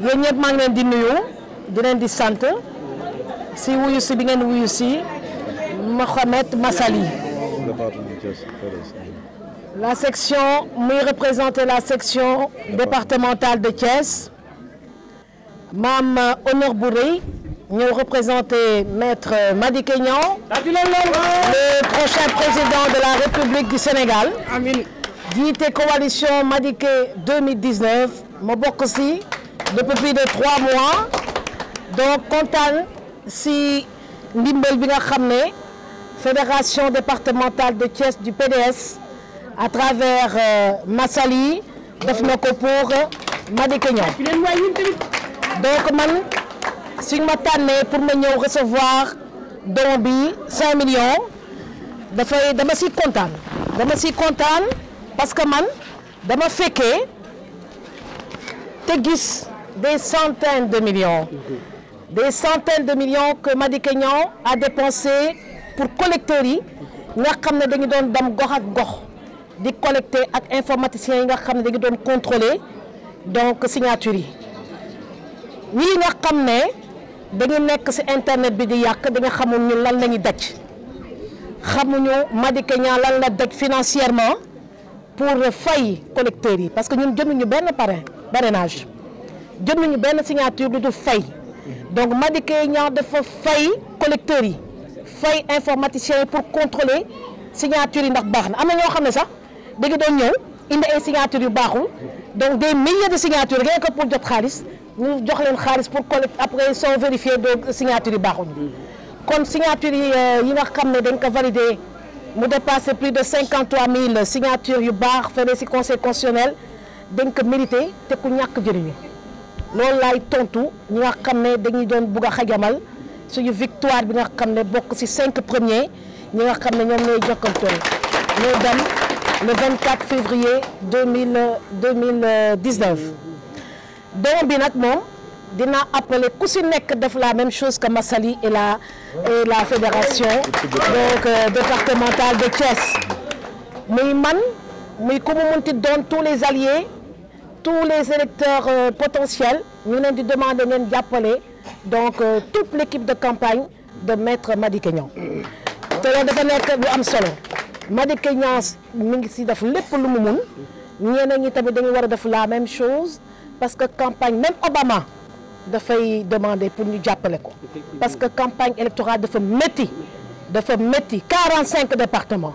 Yen di di di si wuyu Mohamed Massali. La section muy représente la section départementale de Thiès Mme Honor Bouré, nous représentons maître Madike Nyan, le prochain président de la République du Sénégal. Guité coalition Madike 2019 Mobokosi depuis plus de trois mois donc content si ndimbal bi fédération départementale de Thiès du PDS à travers euh, Massali def na ko euh, donc man si ma tànnee pour ma recevoir don bi 5 millions je dama content je suis content parce que man dama fekkee te gis des centaines de millions. Des centaines de millions que Madi Kenyon a dépensé pour collecter. Nous avons di collecter ak informaticiens yi nga xam dañu contrôler donc signature yi Nous nga xam dañu nek ci internet bi di yak dañu xamul ñu lan lañu ñuy daj xamuñu Madi Niang lan la daj financièrement pour fay collecteur yi parce que ñun jënduñu benn parrain parrainage je n'ai pas de signature de feuilles, Donc, je dis qu'il y a des FAI des feuilles informaticiens pour contrôler les signatures. Vous savez ça des qu'ils sont venus, des signatures de Donc, des milliers de signatures, rien que pour le Khalis. Nous avons des le pour vérifier Après, ils sont vérifiés les signatures de Comme les signatures, ils euh, ont été validées. Nous dépassons plus de 53 000 signatures de FAI, fait des conseils constitutionnels. Donc, mérité, c'est qu'il de loolu laay tontu ñi nga xam ne dañuy doon bugg a xajamal suñu victoire bi nga xam ne ci cinq premiers nous avons xam ne ñoom ñooy jokkantoon ñoo dem le 24 février 2019 doom bi nag moom dina appeler ku ci nekk la même chose que Massali et la et la fédération donc euh, départementale de Thiès muy man muy ku mu munti doon tous les alliés tous les électeurs euh, potentiels nous avons demandé demander nous appeler. donc euh, toute l'équipe de campagne de maître Madi Kenyon. te avons dafa nekk bu am solo Madické Niang mi ngi fait la même chose parce que campagne même Obama a demander pour nous appeler. parce que campagne électorale dafa fait 45 départements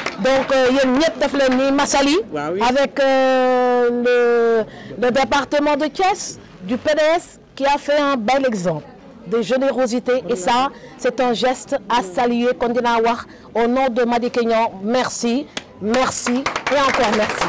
donc il y a ni Massali avec euh, le, département de caisse du PDS qui a fait un bel exemple de générosité et ça c'est un geste à saluer Kondinawa au nom de Madi Kenyon merci merci et encore merci.